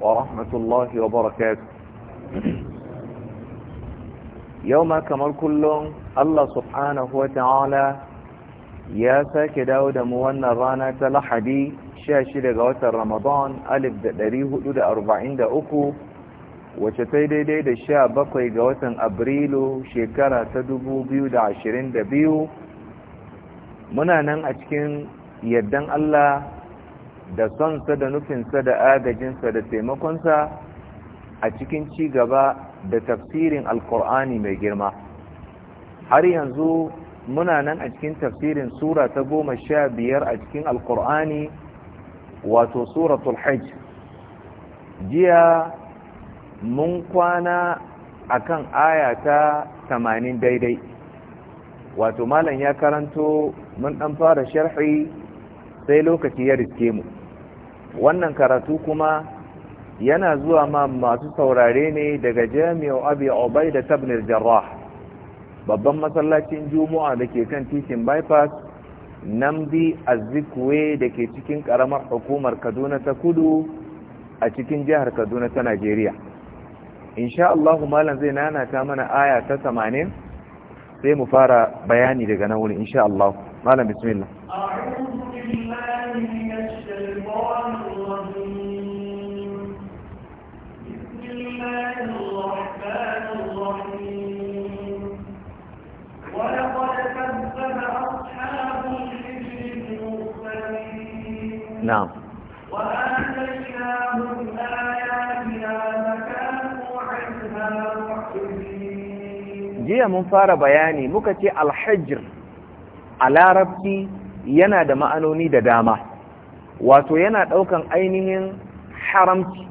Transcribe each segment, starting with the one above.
ورحمة الله وبركاته يوم كمر كلهم الله سبحانه وتعالى يا ساك داود موانا رانا تلحدي شاشي لغوات رمضان ألف دريه دود أربعين دا أكو وشتي دي دي دا شابقي غوات أبريلو شكرا تدبو بيو دا عشرين دا بيو منا نن أتكين يدن الله da sonsa da nufinsa da agajinsa da taimakonsa a cikin ci gaba da tafsirin alkur'ani mai girma har yanzu muna nan a cikin tafsirin sura ta goma sha biyar a cikin alkur'ani wato suratul hajj jiya mun kwana akan aya ta tamanin daidai wato malam ya karanto mun ɗan fara sharhi sai lokaci ya riske mu wannan karatu kuma yana zuwa ma masu saurare ne daga jami'u abi obai da tabnir jarrah babban masallacin juma'a da ke kan titin bypass namdi azikwe da ke cikin karamar hukumar kaduna ta kudu a cikin jihar kaduna ta najeriya insha Allah malam zai nanata mana aya ta 80 sai mu fara bayani daga nan wurin insha Allah malam bismillah na'am jiya mun fara bayani muka ce alhajir a larabci yana da ma'anoni da dama wato yana ɗaukan ainihin haramci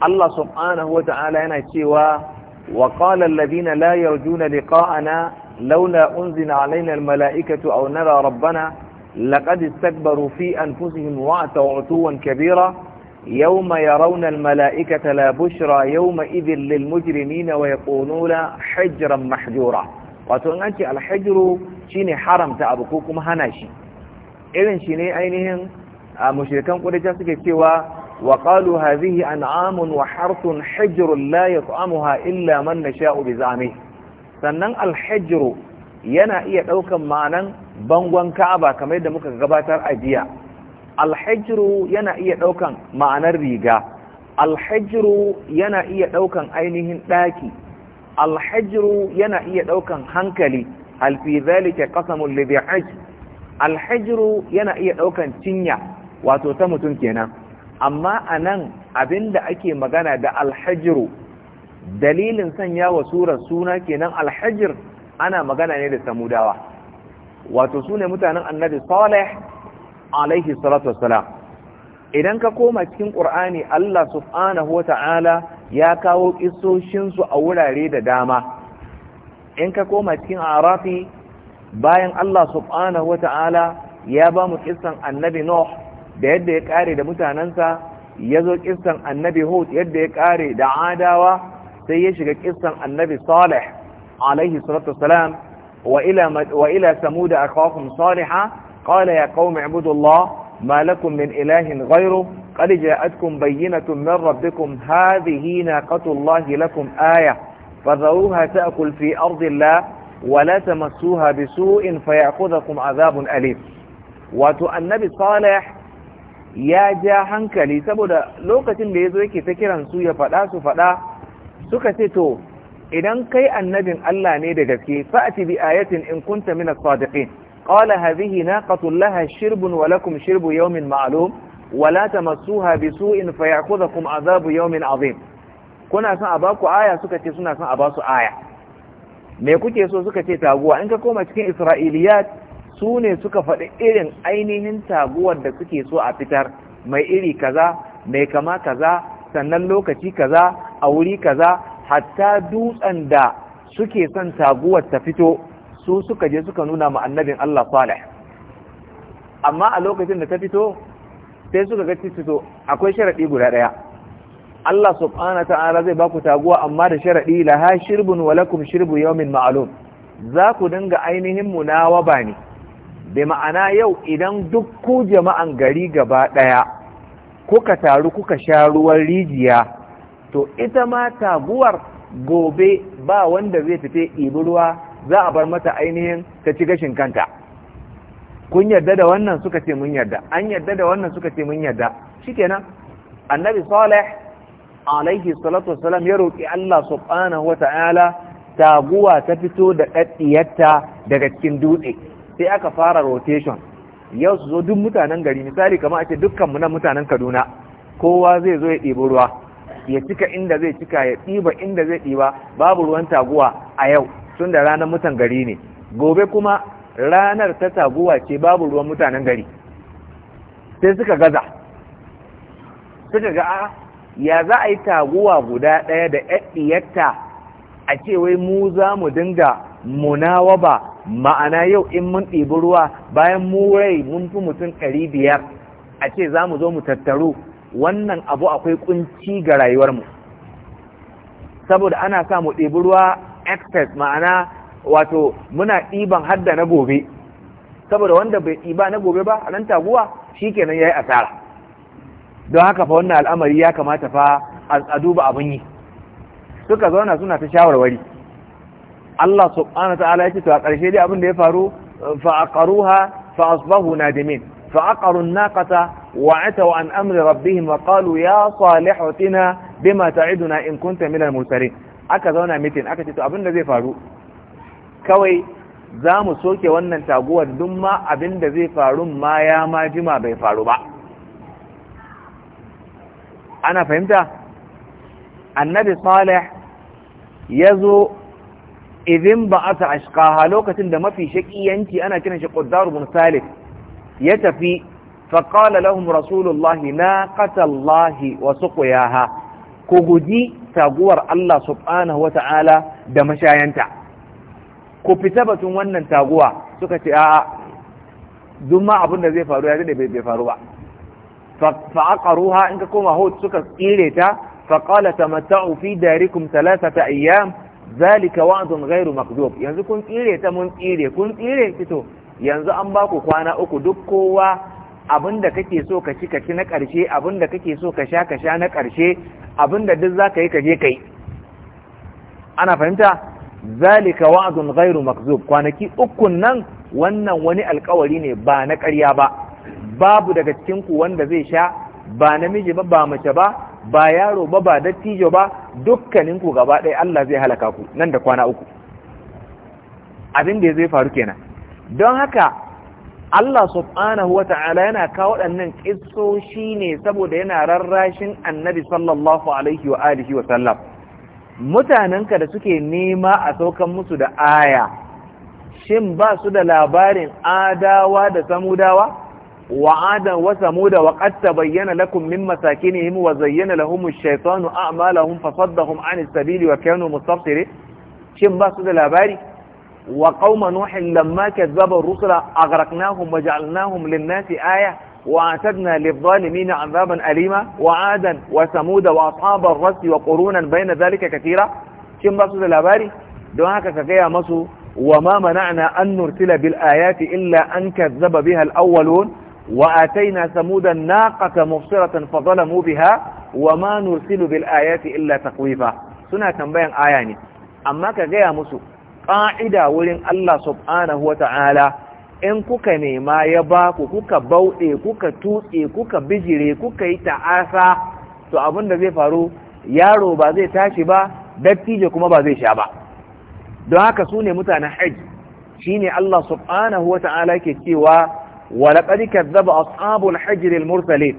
Allah subhanahu wata'ala yana cewa wa qala alladhina la yarjuna liqa'ana laula unzila alaina almala'ikatu aw nara rabbana لقد استكبروا في أنفسهم وعتوا عتوا كبيرا يوم يرون الملائكة لا بشرى يومئذ للمجرمين ويقولون حجرا محجورا وتنأتي الحجر شيني حرم تأبكوكم هناشي إذن شيني أينهم مشركان قريشا سكتوا وقالوا هذه أنعام وحرث حجر لا يطعمها إلا من نشاء بزعمه sannan alhajiru yana iya ɗaukan ma'anan bangon ka'aba kamar yadda muka gabatar a jiya alhajiru yana iya ɗaukan ma'anar riga alhajiru yana iya ɗaukan ainihin ɗaki alhajiru yana iya ɗaukan hankali alfi zalika qasamul lidhi alhajiru yana iya ɗaukan cinya wato ta mutum kenan amma anan abinda ake magana da alhajiru dalilin sanya wa surar suna kenan alhajir ana magana ne da samudawa wato su ne mutanen annabi salih alaihi salatu wassalam idan ka koma cikin ƙur'ani Allah subhanahu wata'ala ya kawo ƙisoshinsu a wurare da dama in ka koma cikin arafi bayan Allah subhanahu wata'ala ya ba mu ƙisan annabi Nuh da yadda ya ƙare da mutanensa ya zo ƙisan annabi Hud yadda ya ƙare da adawa sai ya shiga ƙisan annabi salih alaihi salatu wassalam وإلى, وإلى ثمود أخاهم صالحا قال يا قوم اعبدوا الله ما لكم من إله غيره قد جاءتكم بينة من ربكم هذه ناقة الله لكم آية فذروها تأكل في أرض الله ولا تمسوها بسوء فيأخذكم عذاب أليم wato annabi يا جا هنكلي سبدا saboda lokacin da ya zo yake ta kiran idan kai annabin Allah ne da gaske fa'ati bi ayatin in kunta min as-sadiqin qala hadhihi naqatun laha shirbun wa lakum shirbu yawmin ma'lum wa la tamassuha bisu'in fayakhudhukum adhabu yawmin 'azim kuna son a baku aya suka ce suna son a basu aya me kuke so suka ce taguwa in ka koma cikin isra'iliyat su ne suka faɗi irin ainihin taguwar da suke so a fitar mai iri kaza mai kama kaza sannan lokaci kaza a wuri kaza hatta dutsen da suke son taguwar ta fito su suka je suka nuna ma annabin Allah Salih amma a lokacin da ta fito sai suka ga fito akwai sharadi guda daya Allah subhanahu ta'ala zai baku taguwa amma da sharadi laha shirbun wa shirbu yawmin ma'lum za ku dinga ainihin waba ne bi ma'ana yau idan duk ku jama'an gari gaba daya kuka taru kuka sha ruwan rijiya to ita ma taguwar gobe ba wanda zai fite ibi za a bar mata ainihin ta ci gashin kanta kun yarda da wannan suka ce mun yarda an yarda da wannan suka ce mun yarda shikenan annabi salih alaihi salatu wassalam ya roki Allah subhanahu wata'ala taguwa ta fito da daddiyarta daga cikin dutse sai aka fara rotation yau su zo duk mutanen gari misali kamar a ce dukkan mu na mutanen Kaduna kowa zai zo ya ɗibi ruwa ya cika inda zai cika ya ɗiba inda zai ɗiba babu ruwan taguwa a yau tun da ranar mutan gari ne gobe kuma ranar ta taguwa ce babu ruwan mutanen gari sai suka gaza suka ga a ya za a yi taguwa guda ɗaya da ɗiyatta a ce wai mu za mu dinga ba, ma'ana yau in mun ɗibi ruwa bayan mu rai mun fi mutum ɗari biyar a ce za mu zo mu tattaru wannan abu akwai kunci ga rayuwarmu saboda ana sa mu ɗebi ruwa excess ma'ana wato muna ɗiban hadda na gobe saboda wanda bai ɗiba na gobe ba a nan taguwa shi kenan ya yi asara don haka fa wannan al'amari ya kamata fa a duba abin yi suka zauna suna ta shawarwari Allah subhanahu ta'ala ya ce to a ƙarshe dai abin da ya faru fa aqaruha fa asbahu nadimin فعقروا الناقة وعتوا عن أمر ربهم وقالوا يا صالح اتنا بما تعدنا in kunta, من المرسلين aka zauna mitin aka ce to abin da zai faru kawai za mu soke wannan taguwar duk abin da zai faru maya ma jima bai faru ba ana fahimta annabi salih ya zo idin ba a ta lokacin da mafi shaƙiyanci ana kiran shi ƙuddar bin salih ya tafi faƙala lahum rasulullahi na ƙatallahi wa suƙuyaha ku guji taguwar Allah subhanahu wa ta'ala da mashayanta ku fita batun wannan taguwa suka ce a'a duk abin da zai faru ya da bai faru ba fa'aqaruha in ka koma hot suka tsire ta faqala tamatta'u fi darikum ta ayyam zalika wa'dun gairu makdub yanzu kun tsire ta mun tsire kun tsire fito yanzu an baku kwana uku duk kowa abinda kake so ka ci ka ci na ƙarshe abinda kake so ka sha ka sha na ƙarshe abinda duk za ka yi ka je kai ana fahimta zalika wa'dun ghairu makzub kwanaki uku nan wannan wani alƙawari ne ba na ƙarya ba babu daga cikin ku wanda zai sha ba namiji ba ba mace ba ba yaro ba ba dattijo ba dukkanin ku gaba ɗaya Allah zai halaka ku nan da kwana uku abin da zai faru kenan don haka Allah subhanahu wa ta'ala yana kawo waɗannan ƙisoshi ne saboda yana rarrashin annabi sallallahu alaihi wa alihi wa sallam mutanenka da suke nema a saukan musu da aya shin ba su da labarin adawa da samudawa wa adam wa samuda wa qad tabayyana lakum min masakinihim wa zayyana lahum ash-shaytanu a'malahum fasaddahum 'an as-sabili wa kanu mustafsirin shin ba su da labari وقوم نوح لما كذبوا الرسل أغرقناهم وجعلناهم للناس آية وأعتدنا للظالمين عذابا أليما وعادا وثمود وأصحاب الرس وقرونا بين ذلك كثيرا كم بصد الأباري دعاك ففيا مصر وما منعنا أن نرسل بالآيات إلا أن كذب بها الأولون وآتينا ثمود الناقة مبصره فظلموا بها وما نرسل بالآيات إلا تقويفا سنة تنبين آياني أما كذب مصر ƙa'ida wurin Allah subhanahu wa ta'ala in kuka nema ya ba ku kuka bauɗe kuka tuɗe, kuka bijire kuka yi ta'asa to abin da zai faru yaro ba zai tashi ba dattijo kuma ba zai sha ba don haka su ne mutanen hajj shi ne Allah subhanahu wa ta'ala ke cewa walaƙari kazzaba ashabul hajjiril mursalin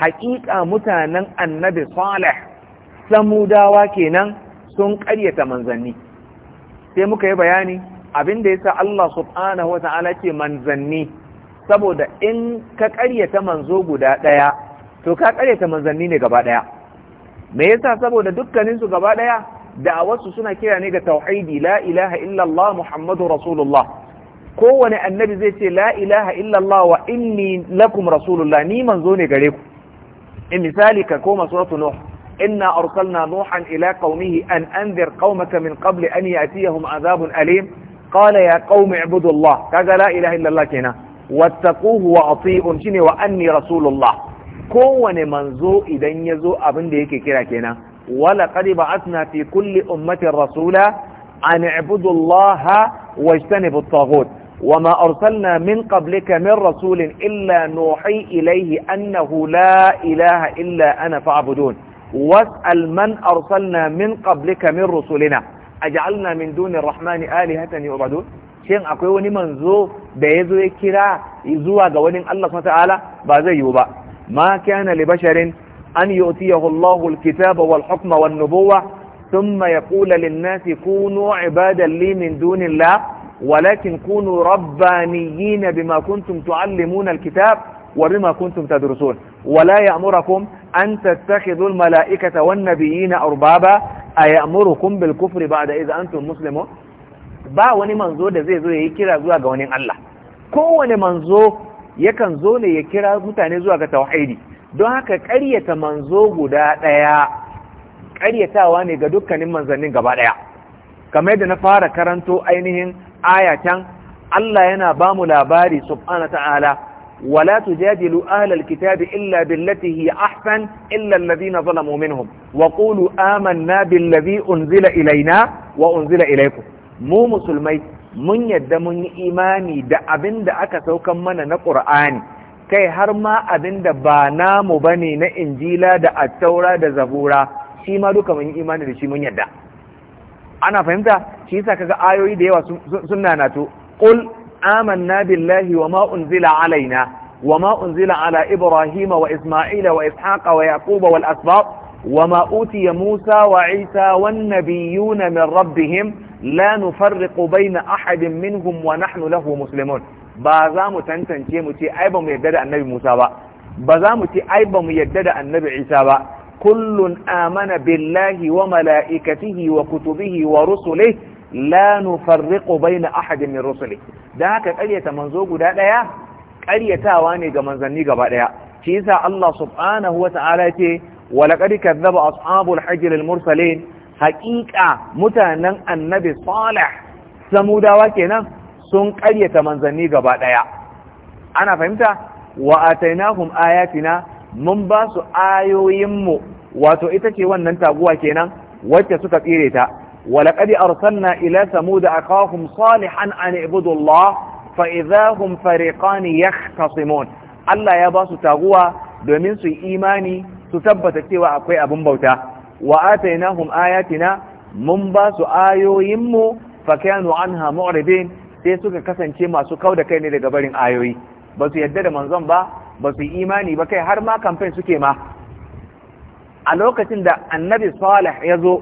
haƙiƙa mutanen annabi salih samudawa kenan sun ƙaryata manzanni sai muka yi bayani abin da ya sa Allah subhanahu wa ta'ala ke manzanni saboda in ka karyata manzo guda ɗaya to ka karyata manzanni ne gaba ɗaya me yasa saboda dukkanin su gaba ɗaya wasu suna kira ne ga tauhidi la ilaha illallah muhammadu rasulullah kowane annabi zai ce la ilaha illallah wa inni lakum rasulullah ni manzo ne gare ku in misali ka koma suratu nuh إنا أرسلنا نوحا إلى قومه أن أنذر قومك من قبل أن يأتيهم عذاب أليم قال يا قوم اعبدوا الله كذا لا إله إلا الله كنا واتقوه وأطيعوا شني وأني رسول الله كون منزو إذن يزو أبن ديك كرا كنا ولقد بعثنا في كل أمة رسولا أن اعبدوا الله واجتنبوا الطاغوت وما أرسلنا من قبلك من رسول إلا نوحي إليه أنه لا إله إلا أنا فاعبدون واسأل من أرسلنا من قبلك من رسلنا أجعلنا من دون الرحمن آلهة يؤبدون شين أقول وني منزو بيزو يكرا يزوى قولين الله سبحانه وتعالى بعد يوبا ما كان لبشر أن يؤتيه الله الكتاب والحكم والنبوة ثم يقول للناس كونوا عبادا لي من دون الله ولكن كونوا ربانيين بما كنتم تعلمون الكتاب wa bima kuntum tadrusun wa ya'murukum an tattakhidhu al wan-nabiyina arbaba ay'murukum bil ba'da idh antum muslimun ba wani manzo da zai zo yayi kira zuwa ga wani Allah kowane manzo yakan zo ne ya kira mutane zuwa ga tauhidi don haka ƙaryata manzo guda ɗaya ƙaryatawa ne ga dukkanin manzannin gaba ɗaya kamar yadda na fara karanto ainihin ayatan Allah yana ba mu labari subhanahu ta'ala ولا تجادلوا اهل الكتاب الا بالتي هي احسن الا الذين ظلموا منهم وقولوا آمنا بالذي انزل الينا وانزل اليكم مو مسلمي من يد من ايماني da abin da aka saukan mana na ƙur'ani. kai har ma abin da ba namu bane na injila da attaura da zabura shi ma duka mun imani da shi mun yadda ana fahimta shi yasa kaga ayoyi da yawa sun nanato qul آمنا بالله وما أنزل علينا وما أنزل على إبراهيم وإسماعيل وإسحاق ويعقوب والأسباط وما أوتي موسى وعيسى والنبيون من ربهم لا نفرق بين أحد منهم ونحن له مسلمون بازامو تنتن تيموتي أيبا ميددأ النبي موسى با بازامتي أيبا ميددأ النبي عيسى با كل آمن بالله وملائكته وكتبه ورسله la nufarriqu baina ahadin min rusuli dan haka ƙaryata manzo guda daya ƙaryatawa ne ga manzanni gaba daya shi yasa Allah subhanahu wata'ala ce wa laqad kadzaba ashabul hajr al mursalin haqiqa mutanen annabi salih samudawa kenan sun ƙaryata manzanni gaba daya ana fahimta wa atainahum ayatina mun ba su ayoyinmu wato ita ce wannan taguwa kenan wacce suka tsire ta ولقد أرسلنا إلى ثمود أخاهم صالحا أن اعبدوا الله فإذا هم فريقان يختصمون الله يا باس تغوى دومين سي إيماني تثبت كتوى أقوي أبن بوتا وآتيناهم آياتنا من باس آيو يمو فكانوا عنها معربين sai suka kasance masu kau da kai ne daga barin ayoyi ba su yadda da manzon ba ba su imani ba kai har ma kamfen suke ma a lokacin da annabi salih ya zo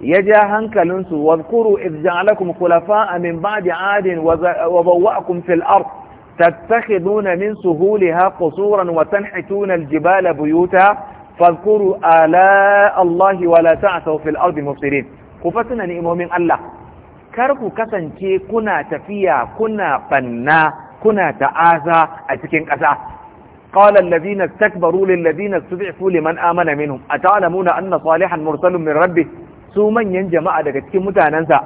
ya ja hankalinsu wadkuru idh ja'alakum khulafa'a min ba'di 'adin wa bawwa'akum fil ard tattakhiduna min suhuliha qusuran wa tanhituna al jibala buyuta fadhkuru ala Allahi wa la ta'thaw fil ardi mufsidin ku fasina ni'imomin Allah kar ku kasance kuna tafiya kuna banna kuna ta'aza a cikin ƙasa قال الذين استكبروا للذين استضعفوا لمن آمن منهم أتعلمون أن صالحا مرسل من ربه su manyan jama'a daga cikin mutanensa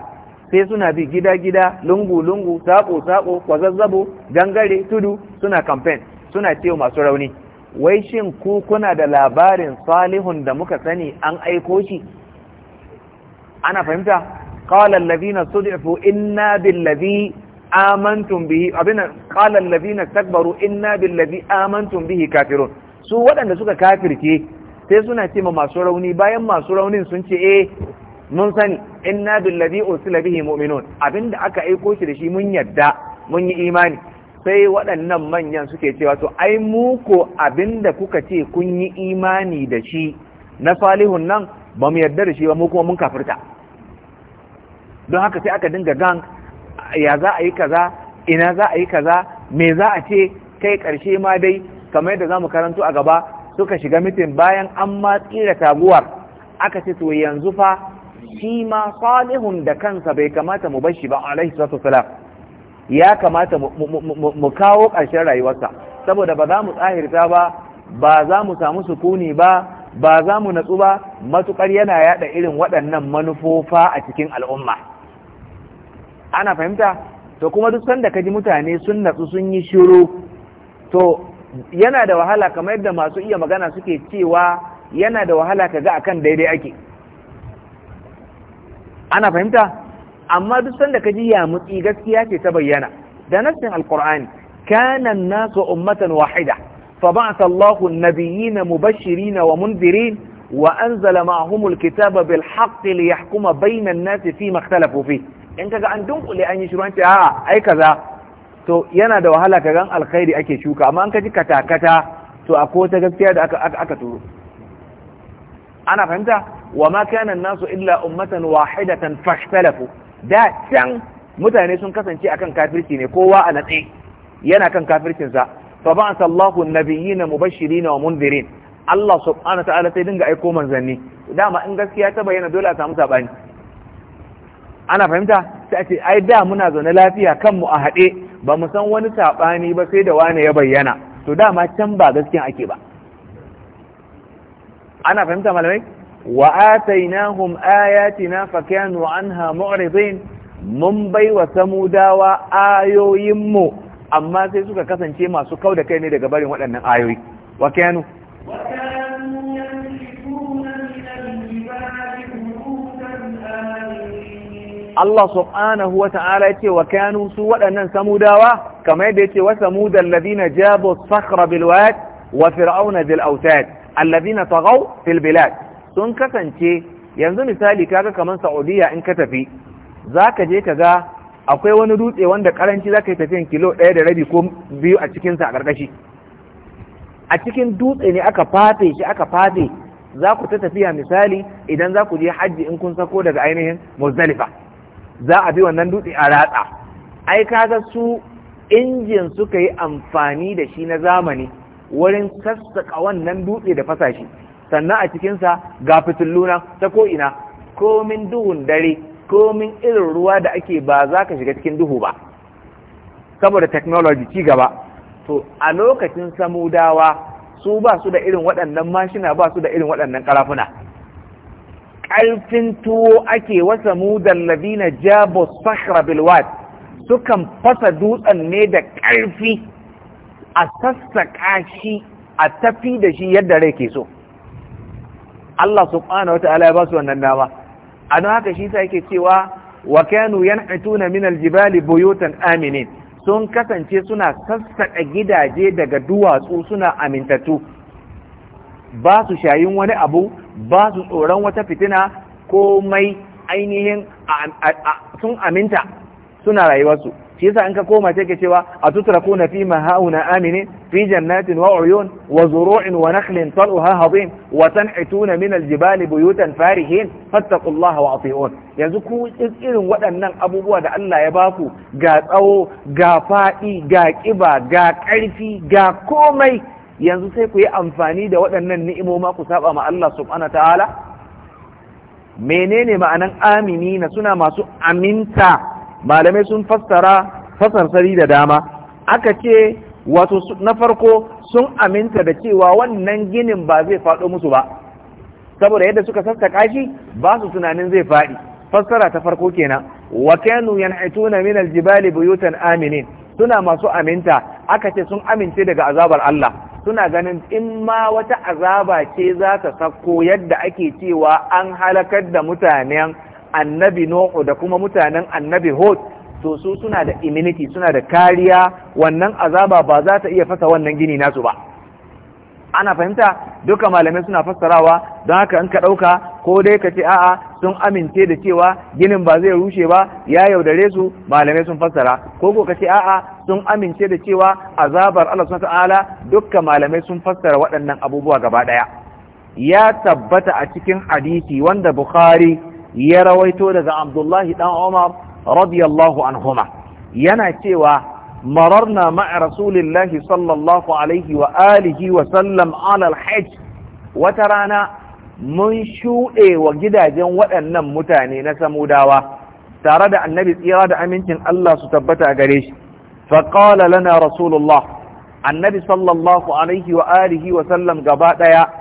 sai suna bi gida-gida lungu-lungu saƙo-saƙo, kwazazzabo gangare tudu suna kamfen suna ce masu rauni wai shin ku kuna da labarin salihun da muka sani an aiko shi ana fahimta qala allazina sud'ifu inna billazi amantum bihi abina qala allazina takbaru inna billazi amantum bihi kafirun su waɗanda suka kafirce sai suna ce ma masu rauni bayan masu raunin sun ce eh mun sani inna billazi ursila bihi mu'minun abinda aka aiko shi da shi mun yadda mun yi imani sai waɗannan manyan suke cewa to ai mu ko abinda kuka ce kun yi imani da shi na salihun nan ba mu yarda da shi ba mu kuma mun kafirta don haka sai aka dinga gang ya za a yi kaza ina za a yi kaza me za a ce kai karshe ma dai kamar yadda zamu karanto a gaba suka shiga mitin bayan an ma tsira taguwar aka ce to yanzu fa shi ma salihun da kansa bai kamata mu bar shi ba alaihi salatu wasalam ya kamata mu kawo ƙarshen rayuwarsa saboda ba za mu tsahirta ba ba za mu samu sukuni ba ba za mu natsu ba matukar yana yaɗa irin waɗannan manufofa a cikin al'umma ana fahimta to kuma duk sanda ka ji mutane sun natsu sun yi shiru to yana da wahala kamar yadda masu iya magana suke cewa yana da wahala ka ga akan daidai ake ana fahimta amma duk sanda ka ji ya mutsi gaskiya ce ta bayyana da nassin alqur'ani kana an-nasu ummatan wahida فبعث الله النبيين مبشرين ومنذرين وأنزل معهم الكتاب بالحق ليحكم بين الناس فيما اختلفوا فيه in kaga an dunkule an yi shiru an ce a'a ai kaza to yana da wahala kagan alkhairi ake shuka amma an kaji katakata to akwai ta gaskiya da aka aka turo ana fahimta wa ma kana nasu illa ummatan wahidatan fashtalafu da can mutane sun kasance akan kafirci ne kowa a natse yana kan kafircinsa fa ba'atha Allahu an mu mubashshirina wa mundirin. Allah subhanahu ta'ala sai dinga aiko manzanni dama in gaskiya ta bayyana dole a samu sabani ana fahimta sai a ce ai da muna zaune lafiya kanmu a haɗe ba mu san wani sabani ba sai da wani ya bayyana to dama can ba gaskiya ake ba أنا فهمتها مالويك وآتيناهم آياتنا فكانوا عنها معرضين ممبي وسموداوا آيو يمو أما سيسوك كثن شيء ما سكو دكيني دكبالي وقلن آيو وكانوا وكانوا الله سبحانه وتعالى وكانوا سوى أن سموا كما يدى وسموا الذين جابوا الصخر بالواد وفرعون ذي الأوتاد na tagaw fil bilad sun kasance yanzu misali kaga kamar Saudiya in ka tafi zaka je kaga akwai wani dutse wanda karanci zaka yi tafiyan kilo ɗaya da rabi ko biyu a cikin sa a karkashi a cikin dutse ne aka fafe shi aka fafe za ku ta tafiya misali idan za ku je hajji in kun sako daga ainihin muzdalifa za a bi wannan dutse a ratsa ai kaga su injin suka yi amfani da shi na zamani wurin sassaƙa wannan dutse da fasashi sannan a cikinsa ga fitilluna ta ko'ina komin duhun dare komin irin ruwa da ake ba za ka shiga cikin duhu ba saboda technology ci gaba to a lokacin samudawa su ba su da irin waɗannan mashina ba su da irin waɗannan ƙarafuna ƙarfin tuwo ake wasa mudan labina jabo sahra bilwad sukan fasa dutsen ne da ƙarfi a sassaƙa shi a tafi da shi yadda rai ke so Allah subhanahu wata'ala ya ba su wannan dama a don haka shi sa yake cewa wa kanu yan'atuna min aljibali buyutan aminin sun kasance suna sassaƙa gidaje daga duwatsu suna amintattu ba su shayin wani abu ba su tsoron wata fitina komai ainihin sun aminta suna rayuwarsu shi yasa an ka koma ka cewa a na fi ma hauna aminin fi jannatin wa uyun wa zuru'in wa nakhlin tal'uha hadim wa tan'ituna min aljibali buyutan farihin fattaqullaha wa ati'un yanzu ku irin waɗannan abubuwa da Allah ya baku ga tsawo ga fadi ga kiba ga ƙarfi ga komai yanzu sai ku yi amfani da waɗannan ni'imoma ku saba ma Allah subhanahu ta'ala menene ma'anan amini na suna masu aminta malamai sun fassara fasarsari da dama aka ce wato na farko sun aminta da cewa wannan ginin ba zai faɗo musu ba saboda yadda suka sassaƙa shi ba su tunanin zai faɗi fassara ta farko kenan wa kanu yanhituna min aljibali buyutan aminin suna masu aminta aka ce sun amince daga azabar Allah suna ganin in ma wata azaba ce za ta sako yadda ake cewa an halakar da mutanen annabi Nuhu da kuma mutanen annabi Hud to su suna da immunity suna da kariya wannan azaba ba za ta iya fasa wannan gini nasu ba ana fahimta duka malamai suna fassarawa don haka in ka ɗauka ko dai ka ce a'a sun amince da cewa ginin ba zai rushe ba ya yaudare su malamai sun fassara ko ko ka ce a'a sun amince da cewa azabar Allah subhanahu ta'ala duka malamai sun fassara waɗannan abubuwa gaba ɗaya ya tabbata a cikin hadisi wanda Bukhari ya rawaito daga abdullahi dan umar radiyallahu anhuma yana cewa mararna ma'a rasulillahi sallallahu alaihi wa alihi wa sallam ala hajj wata rana mun shuɗe wa gidajen waɗannan mutane na samudawa tare da annabi tsira da amincin Allah su tabbata gare shi faƙala lana rasulullah annabi sallallahu alaihi wa alihi wa sallam gaba ɗaya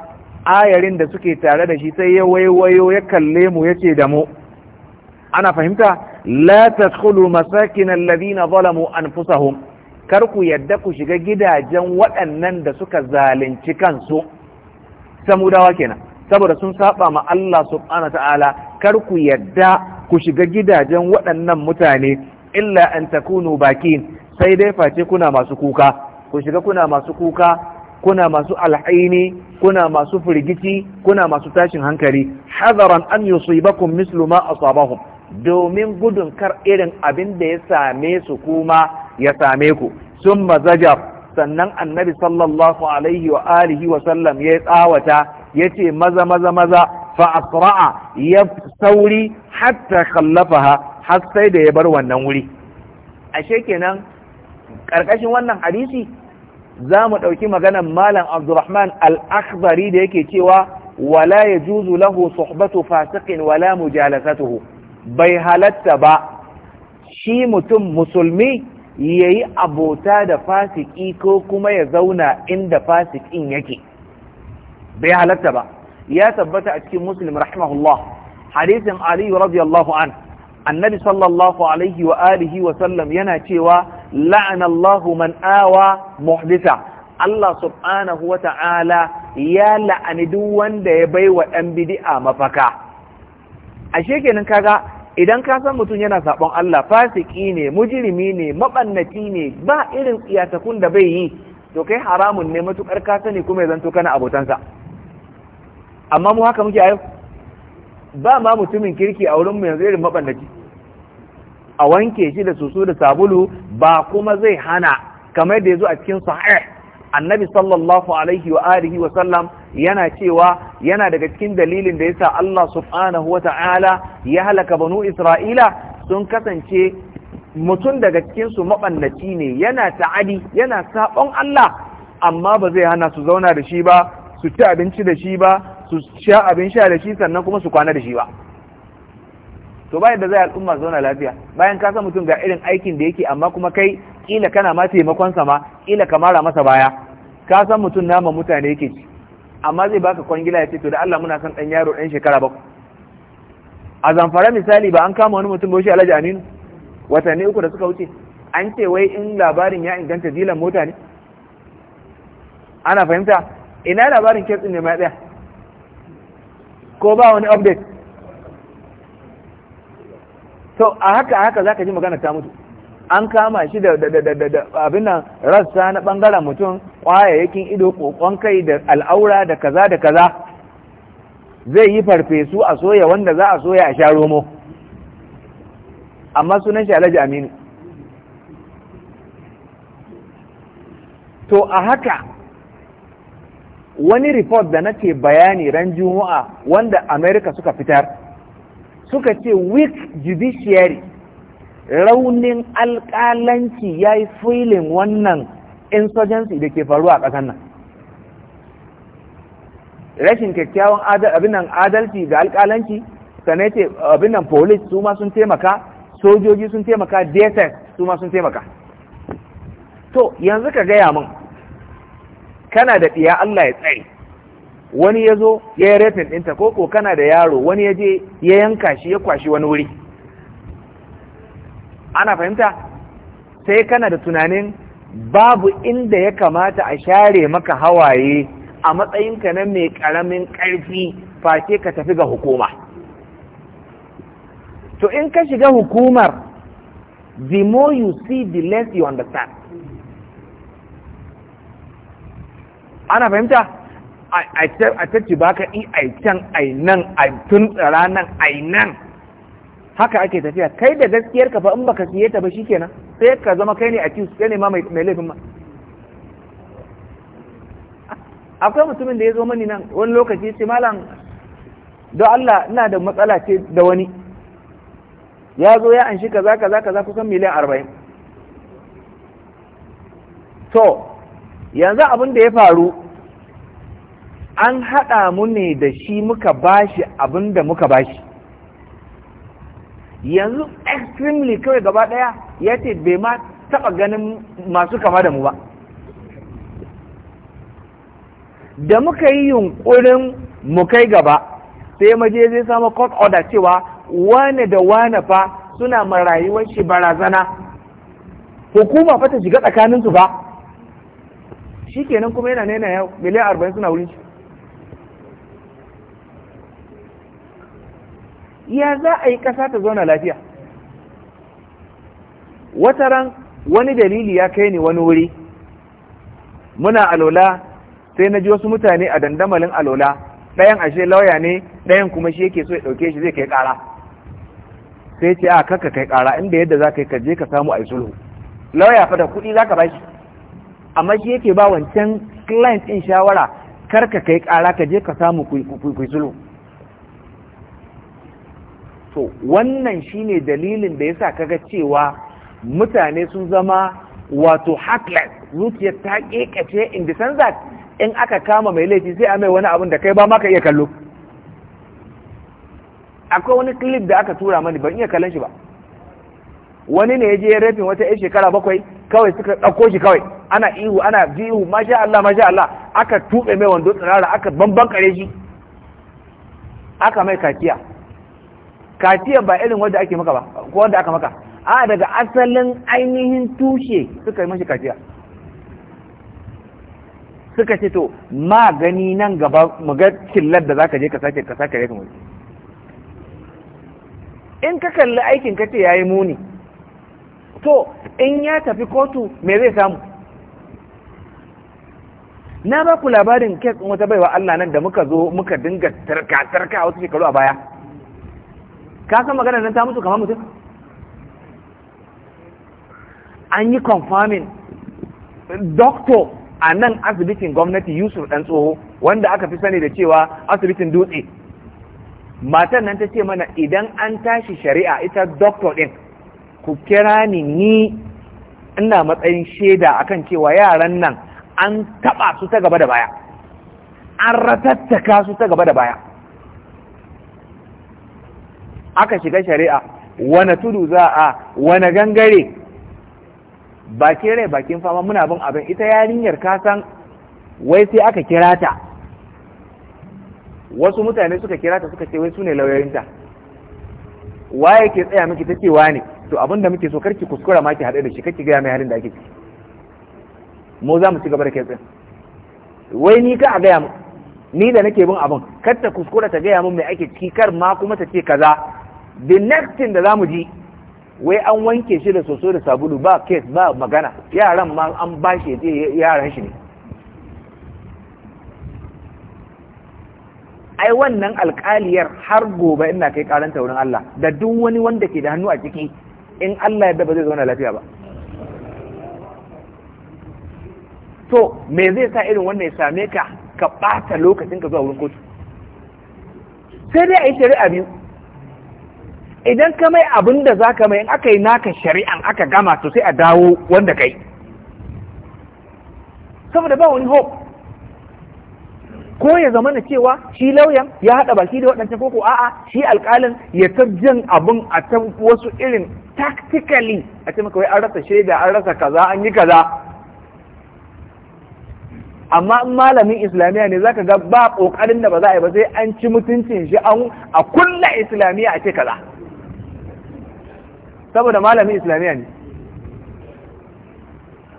ayarin da suke tare da shi sai ya waiwayo ya kalle mu ce da mu ana fahimta la tadkhulu masakin alladhina zalamu anfusahum kar ku yadda ku shiga gidajen waɗannan da suka zalunci kansu samudawa kenan saboda sun saba ma Allah subhanahu ta'ala kar ku yadda ku shiga gidajen waɗannan mutane illa an takunu bakin sai dai face kuna masu kuka ku shiga kuna masu kuka kuna masu alhaini kuna masu firgici kuna masu tashin hankali hadaran an yusibakum mislu ma asabahum domin gudun kar irin abin da ya same su kuma ya same ku sun mazajar sannan annabi sallallahu alaihi wa alihi wa sallam ya tsawata ya ce maza maza maza fa asra'a ya sauri hatta kallafaha har sai da ya bar wannan wuri ashe kenan karkashin wannan hadisi za mu ɗauki maganar malam abdulrahman al-akhbari da yake cewa wala ya juzu lahu suhbatu fasiqin wala mujalasatuhu bai halatta ba shi mutum musulmi ya yi abota da fasiki ko kuma ya zauna inda fasikin yake bai halatta ba ya tabbata a cikin muslim rahimahullah hadisin aliyu radiyallahu an annabi sallallahu alaihi wa alihi wa sallam yana cewa la'ana Allahu man awa muhdisa Allah subhanahu wa ta'ala ya la'ani duk wanda ya bai wa ɗan bidi'a mafaka. Ashe kenan kaga idan ka san mutum yana sabon Allah fasiki ne, mujirimi ne, mabannaci ne, ba irin iyatakun da bai yi, to kai haramun ne matukar ka sani kuma yanzu to kana abotansa. Amma mu haka muke a ba ma mutumin kirki a wurin mu yanzu irin a wanke shi da susu da sabulu ba kuma zai hana kamar da ya zo a cikin sahih annabi sallallahu alaihi wa alihi wa sallam yana cewa yana daga cikin dalilin da yasa Allah subhanahu wata'ala ya halaka banu Isra'ila sun kasance mutum daga cikin su mabannaci ne yana ta'adi yana sabon Allah amma ba zai hana su zauna da shi ba su ci abinci da shi ba su sha abin sha da shi sannan kuma su kwana da shi ba to ba da zai al'umma zauna lafiya bayan ka san mutum ga irin aikin da yake amma kuma kai kila kana ma taimakon sa ma kila ka mara masa baya ka san mutum nama mutane yake ci amma zai baka kwangila ya ce to da Allah muna son dan yaro dan shekara bakwai a zamfara misali ba an kama wani mutum ba shi Alhaji Aminu watanni uku da suka wuce an ce wai in labarin ya inganta dilan mota ne ana fahimta ina labarin kes ne ma tsaya ko ba wani update to a haka a haka zaka ji magana ta mutu an kama shi da abin nan rassa na bangaren mutum kwayayyakin ido kokon kai da al'aura da kaza da kaza zai yi farfesu a soya wanda za a soya a sha romo amma sunan shi alhaji aminu to a haka wani report da nake bayani ran juma'a wanda america suka fitar suka ce weak judiciary raunin alƙalanci ya yi filin wannan insurgency da ke faruwa a ƙasar nan rashin kyakkyawan abin nan adalci da alƙalanci sannan ce nan police su ma sun taimaka sojoji sun taimaka dss su ma sun taimaka to yanzu ka gaya min kana da ɗiya allah ya tsaye wani ya zo ya yi rafin ɗinta ko ko kana da yaro wani ya je ya yanka shi ya kwashi wani wuri ana fahimta sai kana da tunanin babu inda ya kamata a share maka hawaye a matsayinka na mai ƙaramin ƙarfi face ka tafi ga hukuma to in ka shiga hukumar the more you see the less you understand ana fahimta a tacci baka in a ainan a tun tsara nan ainan haka ake tafiya kai da gaskiyar ka ba in baka siye ta ba shikenan sai ka zama kai ne a cikin sai ne ma mai laifin ma akwai mutumin da ya zo mani nan wani lokaci ce malam don Allah ina da matsala ce da wani ya zo ya anshi kaza kaza kaza kusan miliyan arba'in to yanzu abin da ya faru an haɗa mu ne da shi muka bashi abin da muka bashi yanzu extremely kawai gaba ɗaya ya ce bai ma taɓa ganin masu kama da mu ba da muka yi yunƙurin mu kai gaba sai maje zai samu court order cewa wane da wane fa suna marayuwar shi barazana hukuma fa shiga tsakaninsu ba Shi kenan kuma yana nena yau miliyan arba'in suna wurin shi ya za a yi ƙasa ta zauna lafiya wata ran wani dalili ya kai ni wani wuri muna alola sai na ji wasu mutane a dandamalin alola ɗayan ashe lauya ne ɗayan kuma shi yake so ya ɗauke shi zai kai ƙara sai ce a kakka kai ƙara inda yadda za ka yi ka je ka samu a yi sulhu lauya fa da kuɗi za ka ba shi amma shi yake ba wancan client ɗin shawara kar ka kai ƙara ka je ka samu ku sulhu to wannan shine dalilin da yasa kaga cewa mutane sun zama wato heartless zuciyar ta kekace in the sense that in aka kama mai laifi sai a mai wani abin da kai ba ma ka iya kallo akwai wani clip da aka tura mani ban iya kallon shi ba wani ne ya je rafin wata yan shekara bakwai kawai suka ɗauko shi kawai ana ihu ana jihu masha Allah masha Allah aka tuɓe mai wando tsirara aka bamban kare shi aka mai kakiya kaciyar ba irin wanda ake maka ba ko wanda aka maka a daga asalin ainihin tushe suka yi mashi kaciya suka ce to ma gani nan gaba mu ga killar da zaka je ka sake ka sake rika mutu in ka kalli aikin ka ce yayi muni to in ya tafi kotu me zai samu na ba ku labarin kes wata baiwa Allah nan da muka zo muka dinga tarka tarka wasu shekaru a baya ka san maganar nan ta mutu kamar mutum an yi confirming doctor a nan asibitin gwamnati yusuf dan tsoho wanda aka fi sani da cewa asibitin dutse matan nan ta ce mana idan an tashi shari'a ita doctor ɗin, ku kira ni ni ina matsayin shaida akan cewa yaran nan an taba su ta gaba da baya an ratattaka su ta gaba da baya aka shiga shari'a Wani tudu za a Wani gangare bakin rai bakin fama muna bin abin ita yarinyar kasan wai sai aka kira ta wasu mutane suka kira ta suka ce wai su ne lauyoyinta waye ke tsaya miki ta cewa ne to abin da muke so karki kuskura ma ki haɗe da shi kake gaya mai halin da ake ciki mu za mu ci gaba da kai tsin wai ni ka a gaya mu ni da nake bin abin kar ta kuskura ta gaya mun mai ake ciki kar ma kuma ta ce kaza the next thing da zamu ji wai an wanke shi da soso da sabulu ba kes ba magana yaran ma an ba shi yaran shi ne ai wannan alkaliyar har gobe ina kai karanta wurin Allah da duk wani wanda ke da hannu a ciki in Allah ya ba zai zauna lafiya ba to me zai sa irin wannan ya same ka ka ɓata lokacin ka zuwa wurin kotu sai dai a yi shari'a biyu idan ka mai abin da za ka mai in aka yi naka shari'an aka gama to sai a dawo wanda kai saboda ba wani hope ko ya zama na cewa shi lauyan ya haɗa baki da waɗancan koko a'a shi alƙalin ya ta jan abin a can wasu irin tactically a ce maka an rasa shaida an rasa kaza an yi kaza amma in malamin islamiyya ne zaka ga ba ƙoƙarin da ba za a yi ba sai an ci mutuncin shi an a kulla islamiyya a ce kaza saboda malamin islamiyya ne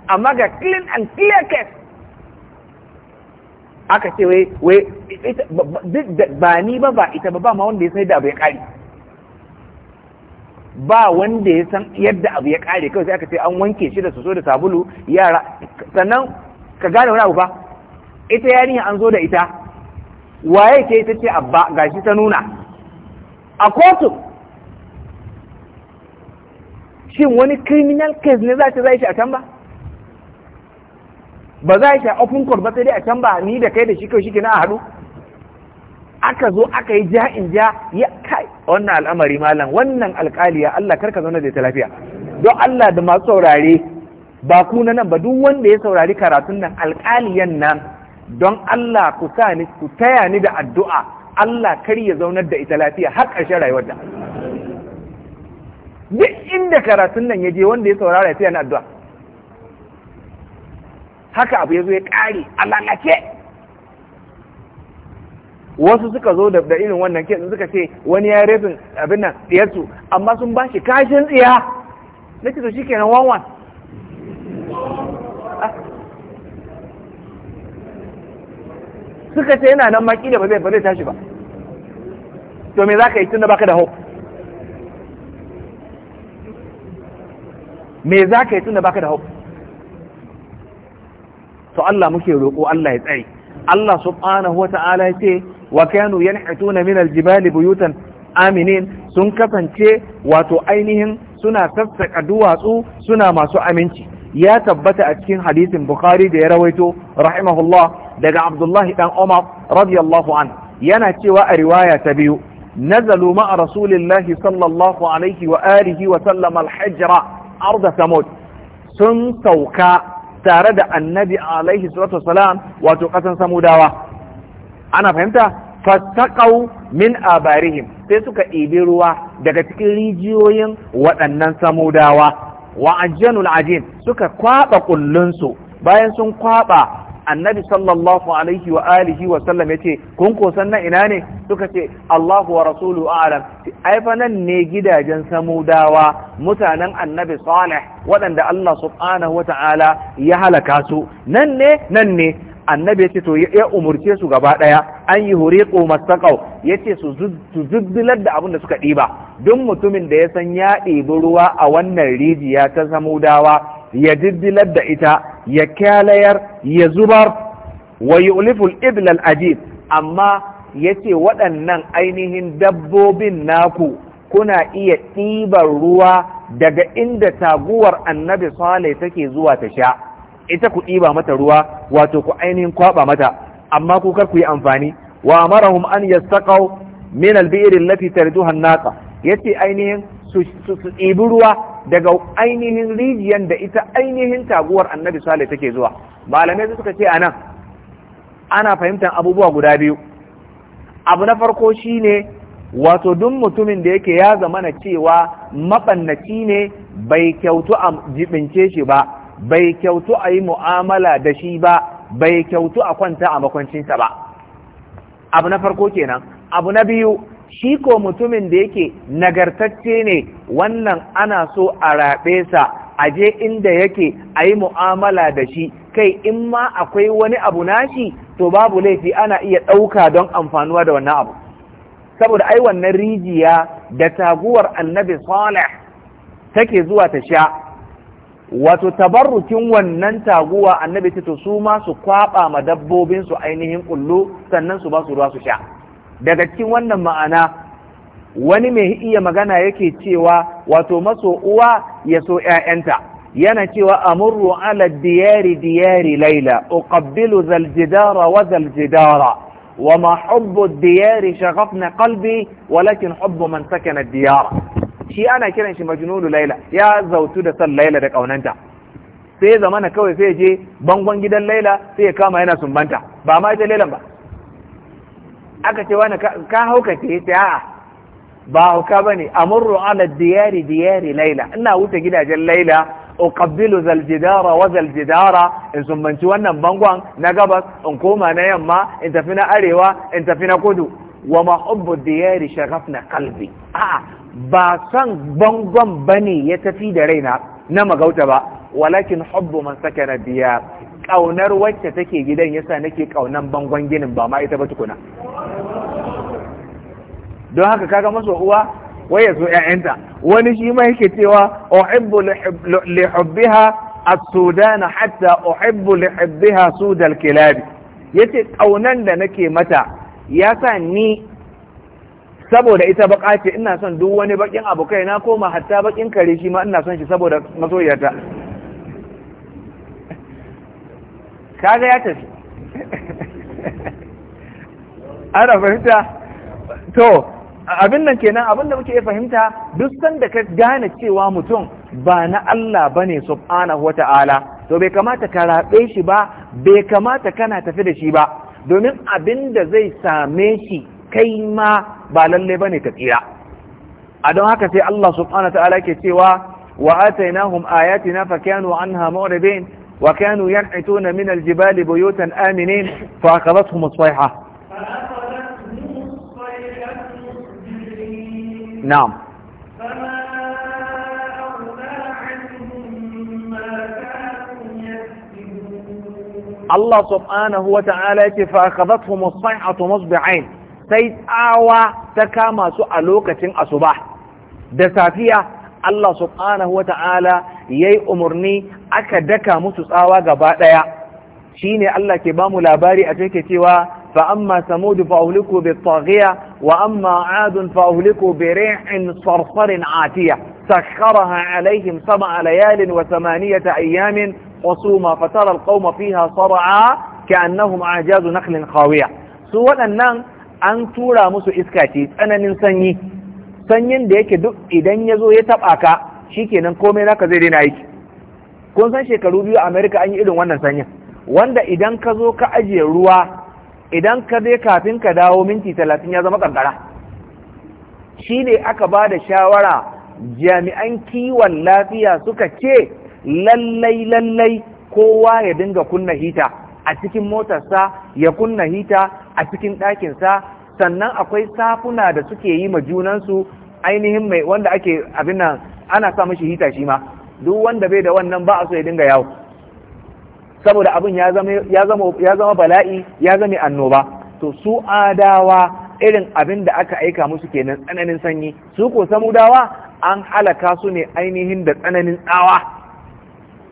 amma ga clean and clear case aka ce wai wai ba ni ba ba ita ba ba ma wanda ya sai da abu ya kare ba wanda ya san yadda abu ya kare kawai sai aka ce an wanke shi da soso da sabulu yara sannan ka gane wani abu ba ita yarinya an zo da ita waye ke ita ce abba gashi ta nuna a kotu shin wani criminal case ne za ta zai shi a can ba ba za shi a open court ba sai dai a can ba ni da kai da shi kai shi na a haɗu aka zo aka yi ja in ja ya kai wannan al'amari malam wannan alƙaliya Allah karka zauna da ta lafiya don Allah da masu saurare ba ku na nan ba duk wanda ya saurari karatun nan alƙaliyan nan don Allah ku sa ni ku taya ni da addu'a Allah kar ya zaunar da ita lafiya har ƙarshen rayuwar da duk inda karatun nan ya je wanda ya saurara ya fiye na addu'a haka abu ya zo ya ƙare a lalace wasu suka zo da irin wannan ke suka ce wani ya rafin abin nan ɗiyarsu amma sun ba shi kashin tsiya na ce to shi kenan wanwan suka ce yana nan maki da ba zai tashi ba to me za ka yi tun da baka da hau me za ka yi tunda baka da hau? to Allah muke roƙo Allah ya tsaye. Allah subhanahu wa ta'ala ya ce wa kanu yanhituna min aljibali buyutan aminin sun kasance wato ainihin suna sassaƙa duwatsu suna masu aminci ya tabbata a cikin hadisin bukhari da ya rawaito rahimahullah daga abdullahi dan umar radiyallahu an yana cewa a riwaya ta biyu nazalu a rasulillahi sallallahu alaihi wa alihi wa sallam alhajra arda samud sun sauka tare da annabi alaihi salatu wasalam wato kasan samudawa ana fahimta fastaqau min abarihim sai suka ɗibi ruwa daga cikin rijiyoyin waɗannan samudawa wa ajjanul ajin suka kwaɓa ƙullunsu bayan sun kwaɓa annabi sallallahu alaihi wa alihi wa sallam yace kun ko san nan ina ne suka ce Allahu wa rasulu a'lam ai fa nan ne gidajen samudawa mutanen annabi salih waɗanda Allah subhanahu wa ta'ala ya halaka su nan ne nan ne annabi yace to ya umurce su gaba daya an yi huriqu mastaqaw yace su zubbilar da abin da suka diba duk mutumin da ya san ya ɗibi ruwa a wannan rijiya ta samudawa ya diddilar da ita ya kyalayar ya zubar wa yu'liful ibl al ajib amma yace waɗannan ainihin dabbobin naku kuna iya ɗibar ruwa daga inda taguwar annabi saleh take zuwa ta sha ita ku ɗiba mata ruwa wato ku ainihin kwaɓa mata amma ku kar ku yi amfani wa amarahum an yastaqaw min al-bi'r allati tarduha an-naqa yace ainihin su ɗibi ruwa daga ainihin rijiyan da ita ainihin taguwar annabi salih take zuwa malamai su suka ce nan. ana fahimtar abubuwa guda biyu abu na farko ne wato duk mutumin da yake ya na cewa mabannaci ne bai kyautu a jibince shi ba bai kyautu a yi mu'amala da shi ba bai kyautu a kwanta a makwancinsa ba abu na farko kenan abu na biyu shi ko mutumin da yake nagartacce ne wannan ana so a raɓe sa a je inda yake a yi mu'amala da shi kai in ma akwai wani abu nashi to babu laifi ana iya ɗauka don amfanuwa da wannan abu saboda ai wannan rijiya da taguwar annabi salih take zuwa ta sha wato tabarrukin wannan taguwa annabi ta to su ma su kwaɓa ma dabbobinsu ainihin ƙullu sannan su ba su ruwa su sha daga cikin wannan ma'ana wani mai iya magana yake cewa wato maso uwa ya so ‘ya'yanta yana cewa amurru ala diyari diyari laila uqabbilu zaljidara wa zaljidara wa ma hubbu diyari shagafna qalbi walakin hubbu man sakana diyara shi ana kiran shi majnunu laila ya zautu da san laila da ƙaunanta sai zamana kawai sai je bangon gidan laila sai ya kama yana sumbanta ba ma ita lailan ba aka ce wani ka haukace ya ce a'a ba hauka ba ne amurru ala diyari diyari laila ina wuce gidajen laila kabbilu zaljidara wa zaljidara in sumbanci wannan bangon na gabas in koma na yamma in tafi na arewa in tafi na kudu wa mahubbu diyari shagafna kalbi a'a ba son bangon ne ya tafi da raina na magauta ba walakin hubbu man sakana diyar kaunar wacce take gidan yasa nake kaunan bangon ginin ba ma ita ba tukuna don haka kaga maso uwa wai ya so ƴaƴanta wani shi ma yake cewa uhibbu li hubbiha as-sudana hatta uhibbu li hubbiha sudal kilabi yace kaunan da nake mata ya sa ni saboda ita baka ina son duk wani bakin abu na koma hatta bakin kare shi ma ina son shi saboda masoyiyata kaga ya tafi ana fahimta to abin nan kenan abin da muke fahimta duk sanda ka gane cewa mutum ba na Allah bane subhanahu wata'ala to bai kamata ka rabe shi ba bai kamata kana tafi da shi ba domin abin da zai same shi kai ma ba lalle bane ka tsira a don haka sai Allah subhanahu wata'ala ke cewa wa atainahum ayatina fa kanu anha mu'ridin wa kanu yan'ituna min al-jibali buyutan aminin fa akhadhatuhum as-sayha نعم allah أغنى عنهم ما كانوا يكسبون الله سبحانه وتعالى فأخذتهم الصيحة sai tsawa ta kama su a lokacin asuba da safiya Allah subhanahu wa ta'ala ya yi umarni aka daka musu tsawa gaba ɗaya shi ne Allah ke ba mu labari a cikin cewa فأما ثمود فأهلكوا بالطاغية وأما عاد فأهلكوا بريح صرصر عاتية سخرها عليهم سبع ليال وثمانية أيام حصوما فترى القوم فيها صرعا كأنهم أعجاز نخل خاوية سوى أنن an tura musu iska ce tsananin sanyi sanyin da yake duk idan yazo ya taba ka shikenan komai naka zai daina aiki kun san shekaru biyu a Amerika an yi irin wannan sanyin wanda idan ka zo ka ajiye ruwa idan ka je kafin ka dawo minti talatin ya zama ƙanƙara. shi ne aka ba da shawara jami'an kiwon lafiya suka ce lallai lallai kowa ya dinga kunna hita a cikin motarsa ya kunna hita a cikin ɗakinsa sannan akwai safuna da suke yi ma junansu ainihin mai wanda ake abin nan ana sa mashi hita shi ma duk wanda bai da wannan ba a so ya dinga yawo saboda abin ya zama bala'i ya zama annoba to su adawa irin abin da aka aika musu kenan tsananin sanyi su ko samudawa an halaka su ne ainihin da tsananin tsawa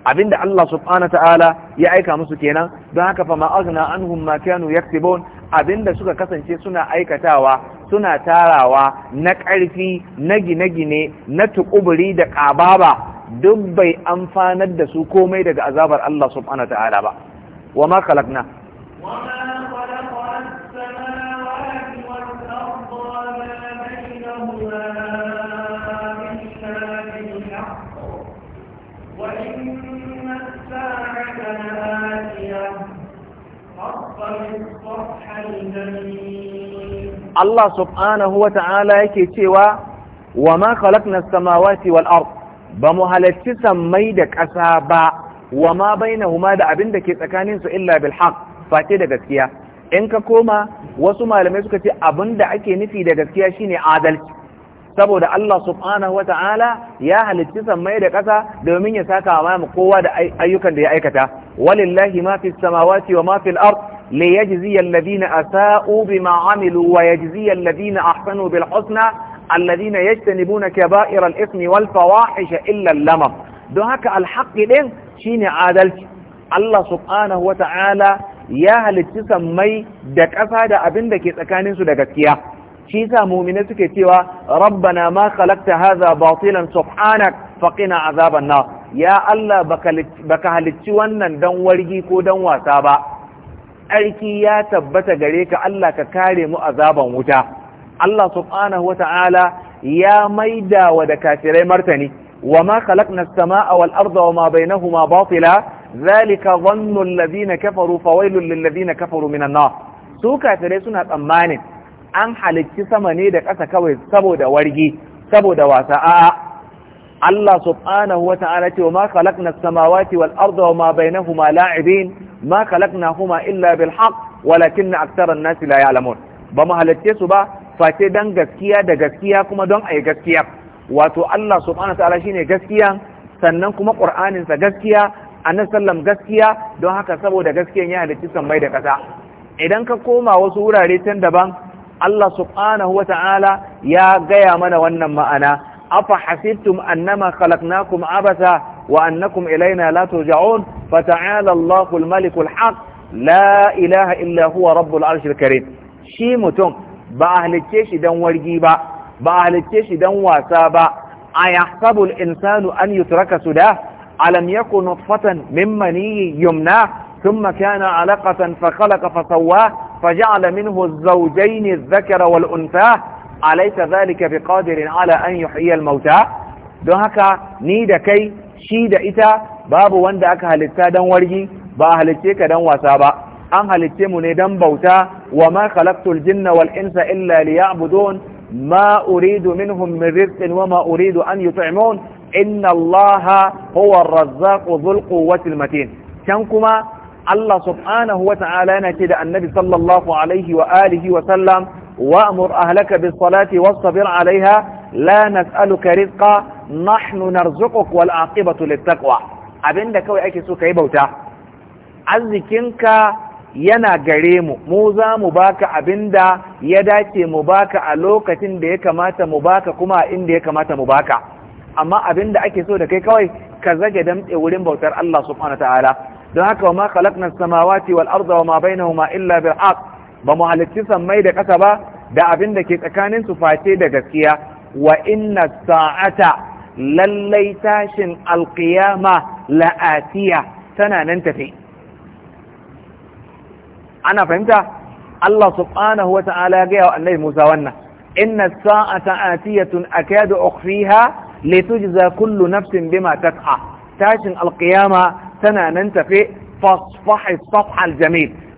abin da Allah subhanahu ta'ala ya aika musu kenan don haka fa ma'azna anhum ma kanu yaktibun abin da suka kasance suna aikatawa suna tarawa na ƙarfi na gine-gine na tukuburi da ƙababa duk bai amfanar da su komai daga azabar Allah subhanahu wa ta'ala ba wa ma khalaqna Allah subhanahu wa ta'ala yake cewa wa ma khalaqna as-samawati wal ard ba mu halarci sammai da ƙasa ba wa ma bainahuma da abin da ke tsakanin su illa bil haqq face da gaskiya in ka koma wasu malamai suka ce abin da ake nufi da gaskiya shine adalci saboda Allah subhanahu wa ta'ala ya halicci sammai da ƙasa domin ya saka wa kowa da ayyukan da ya aikata walillahi ma fi samawati wa ma fi al-ard ليجزي الذين أساءوا بما عملوا ويجزي الذين أحسنوا alladina yajtanibuna kaba'ir al-ithmi wal fawahish illa al-lamam don haka alhaqi din shine adalci Allah subhanahu wa ta'ala ya halicci sammai da ƙasa da abin da ke tsakanin su da gaskiya shi yasa mu'mina suke cewa rabbana ma khalaqta hadha batilan subhanak faqina azaban nar ya Allah baka halicci wannan dan wargi ko dan wasa ba, Arki ya tabbata gare ka Allah ka kare mu azaban wuta, Allah subhanahu wa ta'ala ya maida wa da kafirai martani wa ma khalaqna as-samaa wal arda wa ma bainahuma batila zalika dhannu alladhina kafaru fawailul lil kafaru minan nar su kafirai suna tsammanin an halicci sama ne da ƙasa kawai saboda wargi saboda wasa a'a Allah subhanahu wa ta'ala ce wa ma khalaqna samawati wal arda wa ma bainahuma la'ibin ma khalaqnahuma illa bil haqq walakinna aktsara an-nasi la ya'lamun ba mu halicce su ba face dan gaskiya da gaskiya kuma don a yi gaskiya wato Allah subhanahu ta'ala shine gaskiya sannan kuma qur'anin sa gaskiya annabi sallam gaskiya don haka saboda gaskiyan ya halicci mai da kasa idan ka koma wasu wurare can daban Allah subhanahu ta'ala ya gaya mana wannan ma'ana afa hasibtum annama khalaqnakum abasa wa annakum ilaina la turja'un fata'ala Allahul malikul haq la ilaha illa huwa rabbul arshil karim shi mutum ba a halicce shi dan wargi ba ba a halicce shi dan wasa ba a yahsabu al-insanu an yutraka suda alam yakun nutfatan min maniyyi yumna thumma kana alaqatan fa khalaqa fa sawwa faja'ala minhu az-zawjayn adh-dhakara wal-untha alaysa dhalika biqadirin ala an yuhyiya al-mauta don haka ni da kai shi da ita babu wanda aka halitta dan wargi ba a halicce ka dan wasa ba an halitte mu ne dan bauta wa ma khalaqtul jinna wal insa illa liya'budun ma uridu minhum min rizqin wa ma uridu an yut'imun inna allaha huwa ar-razzaqu dhul quwwati kuma Allah subhanahu wa ta'ala yana ce da annabi sallallahu alaihi wa alihi wa sallam وأمر أهلك بالصلاة واصطبر عليها لا نسألك رزقا نحن نرزقك والعاقبة للتقوى abinda kawai ake so ka yi bauta arzikinka yana gare mu mu za mu baka abinda ya dace mu baka a lokacin da ya kamata mu baka kuma inda ya kamata mu baka amma abinda ake so da kai kawai ka zage damtse wurin bautar Allah subhanahu ta'ala don haka wa ma khalaqna samawati wal arda wa ma bainahuma illa bil haqq ba mu halitti sammai da kasa ba da abin da ke tsakanin su face da gaskiya wa inna sa'ata lallai tashin alqiyama la'atiya tana nan tafi ana fahimta Allah subhanahu wa ta'ala ya gaya wa annabi Musa wannan inna sa'ata atiyatun akadu ukhfiha litujza kullu nafsin bima tas'a tashin alqiyama tana nan tafe fasfahi safhal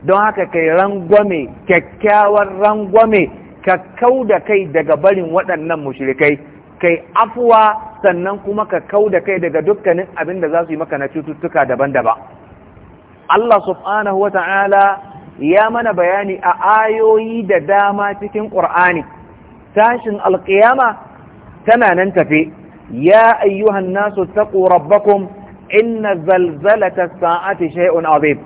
don haka kai rangwame kyakkyawar rangwame ka kauda kai daga barin waɗannan mushrikai kai afuwa sannan kuma ka kauda kai daga dukkanin abin da za su yi maka na cututtuka daban-daban Allah subhanahu wata'ala ya mana bayani a ayoyi da dama cikin ƙur'ani tashin alƙiyama tana nan tafe ya ayyuhan nasu taqu rabbakum inna zalzalata sa'ati shay'un azim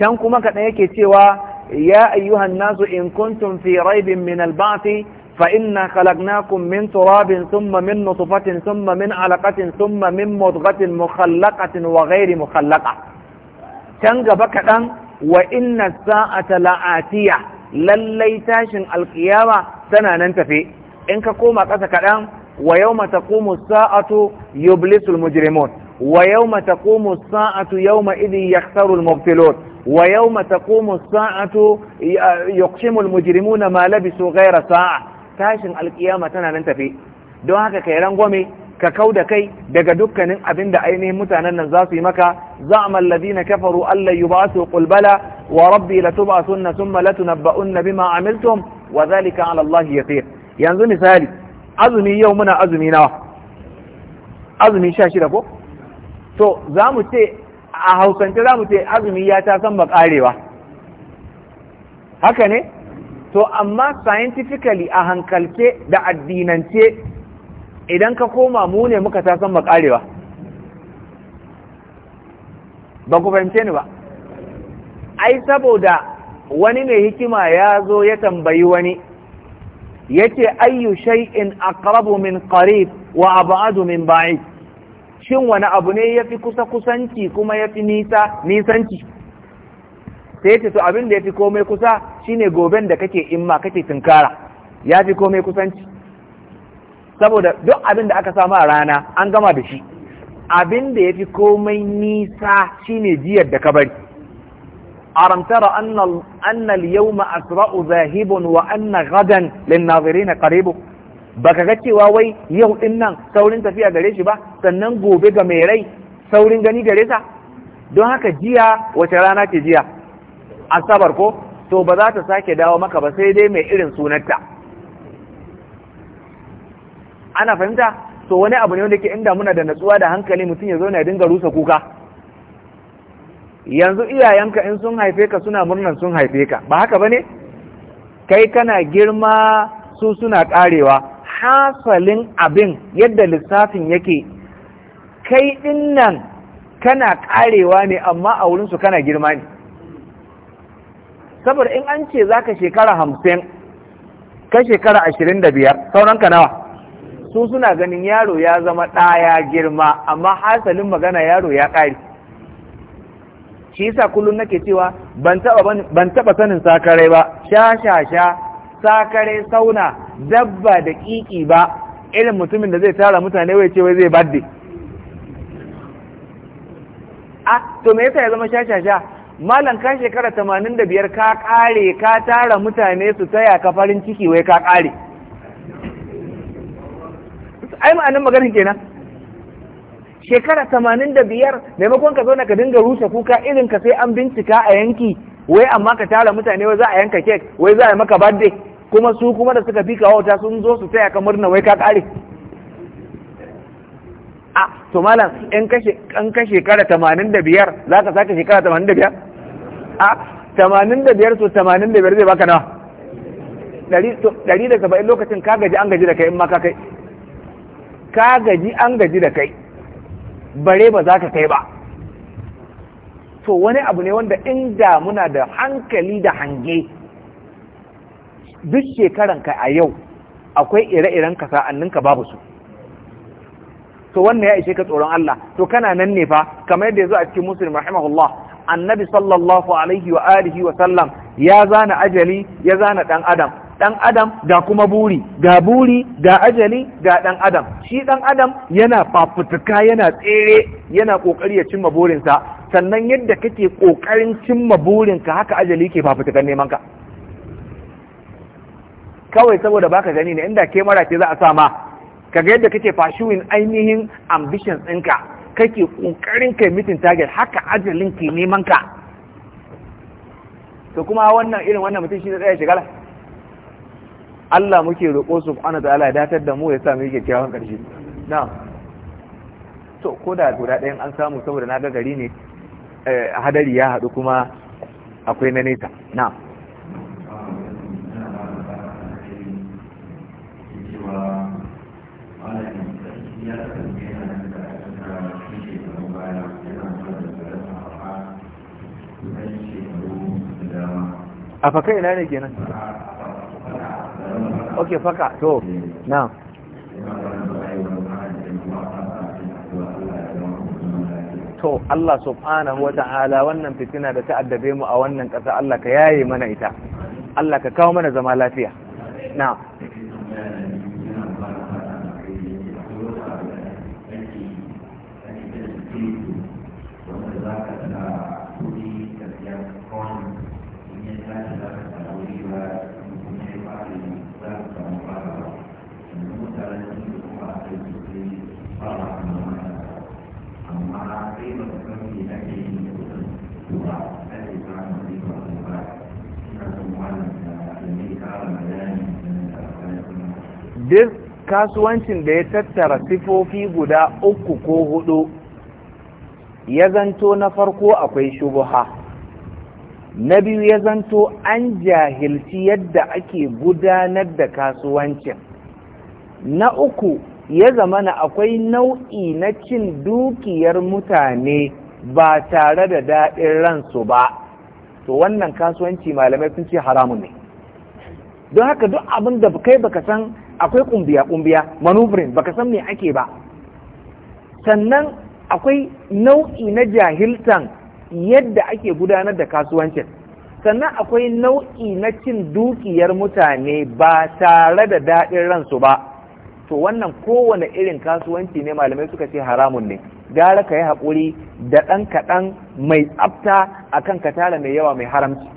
can kuma kaɗan yake cewa ya ayyuhan nasu in kuntum fi raibin min al fa inna khalaqnakum min turabin thumma min nutfatin thumma min alaqatin thumma min mudghatin mukhallaqatin wa ghairi mukhallaqa can gaba kaɗan وَإِنَّ السَّاعَةَ لَآتِيَةٌ لَلَّيْ تَشْهَدُ الْقِيَامَةُ سَنَنَن ننتفي إِن كَقُومَ قَسَ كلام وَيَوْمَ تَقُومُ السَّاعَةُ يُبْلِسُ الْمُجْرِمُونَ وَيَوْمَ تَقُومُ السَّاعَةُ يَوْمَئِذٍ يَخْسَرُ الْمُبْطِلُونَ وَيَوْمَ تَقُومُ السَّاعَةُ يُقْسِمُ الْمُجْرِمُونَ مَا لبسوا غَيْرَ سَاعَةٍ تَشْهَدُ الْقِيَامَةُ سَنَنَن ننتفي دَوَاكَ كَيْرَانْ غُومِي ka kau da kai daga dukkanin abin da ainihin mutanen nan za su yi maka Za a za'ama alladhina kafaru alla yubasu qul bala wa rabbi la tuba sun latubasunna thumma latunabba'unna bima amiltum wa dhalika 'ala ya yaqin yanzu misali azumi yau muna azumi nawa azumi sha shida ko to za mu ce a hausance za mu ce azumi ya ta san ba karewa haka ne to amma scientifically a hankalce da addinance idan ka koma mu ne muka ta san makarewa ba ku fahimce ni ba ai saboda wani mai hikima ya zo ya tambayi wani yace ayyu shay'in aqrabu min qarib wa ab'adu min ba'id shin wani abu ne yafi kusa kusanci kuma yafi nisa nisanci sai ce to abin da yafi komai kusa shine goben da kake imma kake tunkara yafi komai kusanci saboda duk abin da aka samu a rana an gama da shi abin da ya fi komai nisa shine jiyar da ka bari Aramtar tara anna yawma asra'u zahibun wa anna gadan lin-nazirin qaribu baka ga cewa wai yau din nan saurin tafiya gare shi ba sannan gobe ga mai rai saurin gani gare sa don haka jiya wace rana ce jiya asabar ko to ba za ta sake dawo maka ba sai dai mai irin sunanta ana fahimta to wani abu ne wanda ke inda muna da natsuwa da hankali mutum ya zo ya dinga rusa kuka yanzu iyayenka in sun haife ka suna murnan sun haife ka ba haka ba ne? kai kana girma su suna karewa hasalin abin yadda lissafin yake kai din nan kana karewa ne amma a wurinsu kana girma ne saboda in an ce zaka shekara hamsin ka shekara ashirin da biyar sauranka nawa su suna ganin yaro ya zama ɗaya girma amma hasalin magana yaro ya ƙari shi sa kullum nake cewa ban taɓa sanin sakarai ba sha sha sha sakarai sauna dabba da ƙiƙi ba irin mutumin da zai tara mutane wai ce zai badde a to me yasa ya zama sha sha sha malam ka shekara tamanin da biyar ka ƙare ka tara mutane su taya ka farin ciki wai ka ƙare ai ma'anin maganin kenan shekara tamanin da biyar maimakon ka zauna ka dinga rusa kuka irin ka sai an bincika a yanki wai amma ka tara mutane wai za a yanka kek wai za a maka bade, kuma su kuma da suka fi kawauta sun zo su taya ka murna wai ka kare a to malam in ka shekara tamanin da biyar za ka sake shekara tamanin da biyar a tamanin da biyar to tamanin da biyar zai baka nawa Dari da saba'in lokacin ka gaji an gaji da kai in ma ka kai ka gaji an gaji da kai bare ba za ka kai ba to wani abu ne wanda inda muna da hankali da hange duk shekaranka a yau akwai ire-iren ka sa'anninka babu su to wannan ya ishe ka tsoron Allah to kana nan ne fa kamar yadda yazo a cikin muslim rahimahullah annabi sallallahu alaihi wa alihi wa sallam ya zana ajali ya zana ɗan adam ɗan adam ga kuma buri ga buri ga ajali ga ɗan adam shi ɗan adam yana fafutuka yana tsere yana ƙoƙari ya cimma burinsa sannan yadda kake ƙoƙarin cimma burinka haka ajali ke fafutukan neman ka kawai saboda baka gani ne inda ke mara ce za a sa ma kaga yadda kake fashiwin ainihin ambitions ɗinka kake ƙoƙarin kai mitin target haka ajalin ke neman ka to kuma wannan irin wannan mutum shi zai tsaya shigala Allah muke roƙo subhanahu ta'ala ya datar da mu ya sa mu yi kyakkyawan ƙarshe na to ko da guda ɗayan an samu saboda na ga gari ne eh, hadari ya haɗu kuma akwai na nesa na a fakai ina ne kenan okay faka to na to Allah subhanahu wa ta'ala wannan fitina da ta addabe mu a wannan ƙasa Allah ka yaye mana ita Allah ka kawo mana zama lafiya na duk kasuwancin da ya tattara sifofi guda uku ko hudu ya zanto na farko akwai shubuha na biyu ya zanto an jahilci yadda ake gudanar da kasuwancin na uku ya zamana akwai nau'i na cin dukiyar mutane ba tare da daɗin ransu ba to wannan kasuwanci malamai sun ce haramun ne don haka duk abin da kai baka san akwai kumbiya kumbiya ba baka san me ake ba sannan akwai nau'i na jahiltan yadda ake gudanar da kasuwancin sannan akwai nau'i na cin dukiyar mutane ba tare da daɗin ransu ba to wannan kowane irin kasuwanci ne malamai suka ce haramun ne gara ka yi haƙuri da ɗan kaɗan mai tsafta a kan ka tara mai yawa mai haramci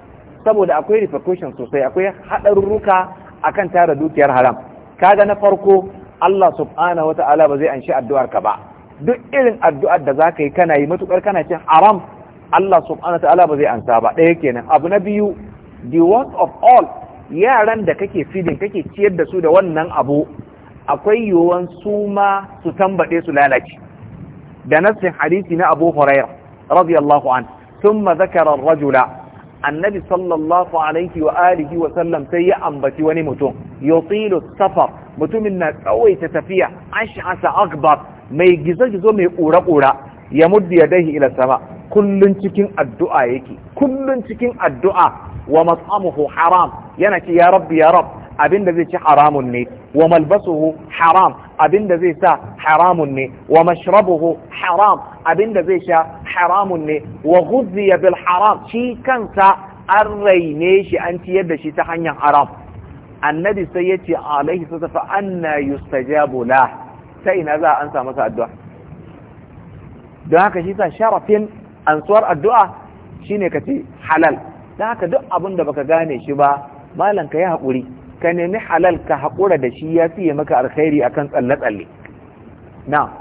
saboda akwai repercussion sosai akwai haɗarurruka kan tara dukiyar haram kaga na farko Allah subhanahu ta'ala ba zai anshi addu'ar ka ba duk irin addu'ar da za ka yi kana yi matukar kana cin haram Allah subhanahu ta'ala ba zai ansa ba ɗaya kenan abu na biyu the worst of all yaran da kake feeding kake ciyar da su da wannan abu akwai yiwuwan su ma su tambaɗe su lalace da nassin hadisi na Abu Hurairah radiyallahu an thumma zakara ar-rajula annabi sallallahu alaihi wa alihi wa sallam sai ya ambaci wani mutum yutilu safar mutumin na tsawaita tafiya ash'asa akbar mai gizo-gizo mai ƙura-ƙura ya muddi yadayhi ila sama kullun cikin addu'a yake kullun cikin addu'a wa masamuhu haram yana ce ya rabbi ya rabb abinda zai ci haramun ne wa malbasuhu haram abinda zai sa haramun ne wa mashrabuhu haram abinda zai sha haramun ne wa ghudhiya bil haram shi kansa an raine shi an ciyar da shi ta hanyar haram annabi sai ya ce alaihi sassa fa anna yustajabu la ta ina za a ansa masa addu'a don haka shi sa sharafin ansuwar addu'a shine ka ce halal don haka duk abin da baka gane shi ba malam ka yi haƙuri ka nemi halal ka haƙura da shi ya fiye maka alkhairi akan tsalle-tsalle na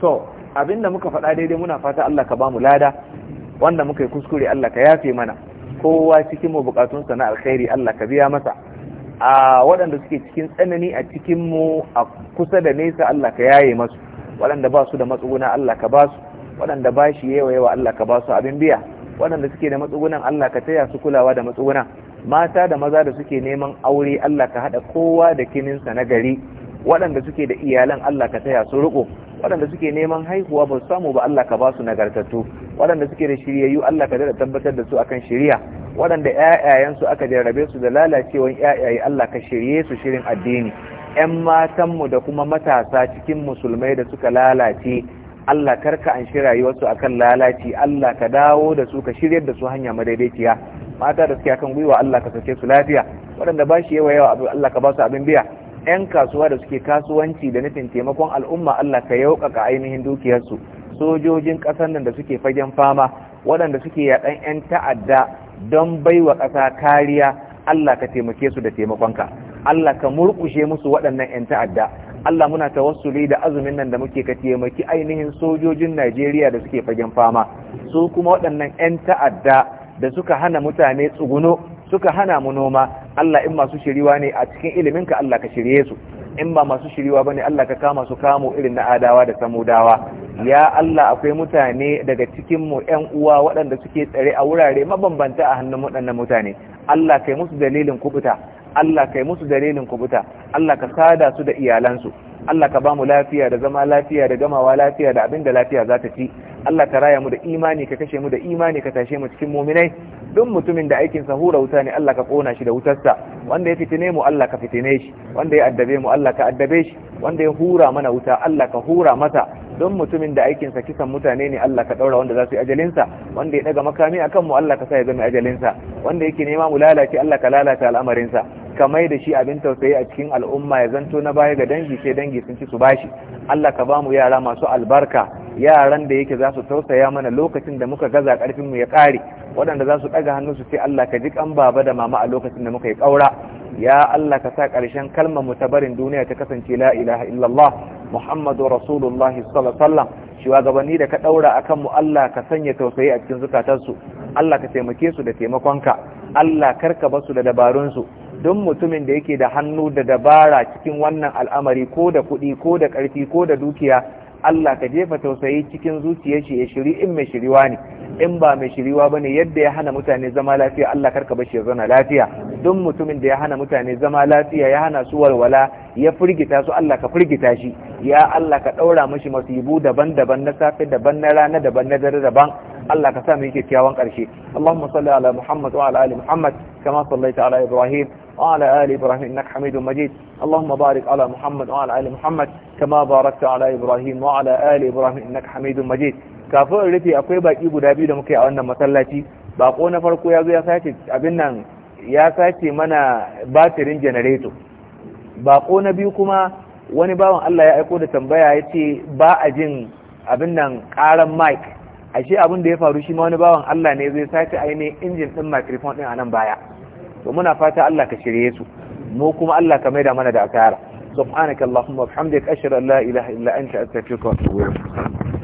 so abinda muka faɗa daidai muna fata Allah ka bamu lada wanda muka yi kuskure Allah ka yafe mana kowa cikin mu buƙatunsa na alkhairi Allah ka biya masa a waɗanda suke cikin tsanani a cikin mu a kusa da nesa Allah ka yaye masu waɗanda ba su da matsuguna Allah ka ba su waɗanda ba shi yawa yawa Allah ka ba su abin biya waɗanda suke da matsugunan Allah ka taya su kulawa da matsugunan mata da maza da suke neman aure Allah ka hada kowa da kininsa na gari waɗanda suke da iyalan Allah ka taya su riko waɗanda suke neman haihuwa ba samu ba Allah ka ba su nagartattu waɗanda suke da shiryayyu Allah ka dada tabbatar da su akan shirya waɗanda su aka jarrabe su da lalacewan ƴaƴaye Allah ka shirye su shirin addini ƴan mu da kuma matasa cikin musulmai da suka lalace Allah karka an shirayi rayuwarsu akan lalaci Allah ka dawo da su ka shiryar da su hanya madaidaiciya mata da suke kan gwiwa Allah ka sake su lafiya waɗanda ba shi yawa yawa abu Allah ka ba su abin biya yan kasuwa da suke kasuwanci da nufin taimakon al'umma Allah ka yaukaka ainihin dukiyarsu sojojin ƙasar nan da suke fagen fama waɗanda suke yaɗan 'yan ta'adda don baiwa ƙasa kariya Allah ka taimake su da taimakonka Allah ka murƙushe musu waɗannan 'yan ta'adda Allah muna ta tawassuli da azumin nan da muke ka taimaki ainihin sojojin Najeriya da suke fagen fama su kuma waɗannan 'yan ta'adda da suka hana mutane tsuguno suka hana mu noma Allah in masu shiriwa ne a cikin iliminka Allah ka shirye su in ba masu shiriwa bane Allah ka kama su kamo irin na adawa da samudawa ya Allah akwai mutane daga cikin mu ƴan uwa waɗanda suke tsare a wurare mabambanta a hannun waɗannan mutane Allah kai musu dalilin kubuta Allah kai musu dalilin kubuta Allah ka sada su da iyalansu Allah ka ba mu lafiya da zama lafiya da gamawa lafiya da abin da lafiya za ta ci Allah ka raya mu da imani ka kashe mu da imani ka tashe mu cikin muminai duk mutumin da aikin sa hura wuta ne Allah ka kona shi da wutarsa wanda ya fitine mu Allah ka fitine shi wanda ya addabe mu Allah ka addabe shi wanda ya hura mana wuta Allah ka hura masa don mutumin da aikinsa kisan mutane ne Allah ka ɗaura wanda za su yi ajalinsa wanda ya ɗaga makami akan kanmu Allah ka sa ya zama ajalinsa wanda yake nema mu lalace Allah ka lalata al'amarinsa ka mai da shi abin tausayi a cikin al'umma ya zanto na baya ga dangi sai dangi sun ci su bashi Allah ka bamu yara masu albarka yaran da yake za su tausaya mana lokacin da muka gaza karfin mu ya kare waɗanda za su ɗaga hannu su ce Allah ka ji kan baba da mama a lokacin da muka yi ƙaura ya Allah ka sa ƙarshen kalmar mu ta barin duniya ta kasance la ilaha illallah muhammadu rasulullah sallallahu alaihi wasallam shugabanni da ka ɗaura akan mu Allah ka sanya tausayi a cikin zukatansu Allah ka taimake su da taimakonka Allah karka basu da dabarunsu don mutumin da yake da hannu da dabara cikin wannan al'amari ko da kuɗi ko da ƙarfi ko da dukiya Allah ka jefa tausayi cikin zuciyar shi ya shiri in mai shiriwa ne in ba mai shiriwa ba ne. yadda ya hana mutane zama lafiya Allah karka bashi ya zauna lafiya don mutumin da ya hana mutane zama lafiya ya hana su walwala ya firgita su Allah ka firgita shi ya Allah ka ɗaura mashi masibu daban-daban na safe daban na rana daban na dare daban Allah ka sa mu yake kyawun karshe Allahumma salli ala Muhammad wa ala ali Muhammad kama sallaita ala Ibrahim wa ala ali Ibrahim innaka Hamidum Majid Allahumma barik ala Muhammad wa ala ali Muhammad kama barakta ala Ibrahim wa ala ali Ibrahim innaka Hamidum Majid kafin rufe akwai baki guda biyu da muke a wannan masallaci bako na farko ya zo ya sace abin nan ya sace mana batirin janareto bako na biyu kuma wani bawan Allah ya aiko da tambaya ya ce ba a jin abin nan karan mike ashe abin da ya faru shi ma wani bawan Allah ne zai sace ainihin injin din microphone din a nan baya to muna fata Allah ka shirye su mu kuma Allah ka maida mana da asara subhanakallahumma wa bihamdika ashhadu an la ilaha illa anta astaghfiruka wa atubu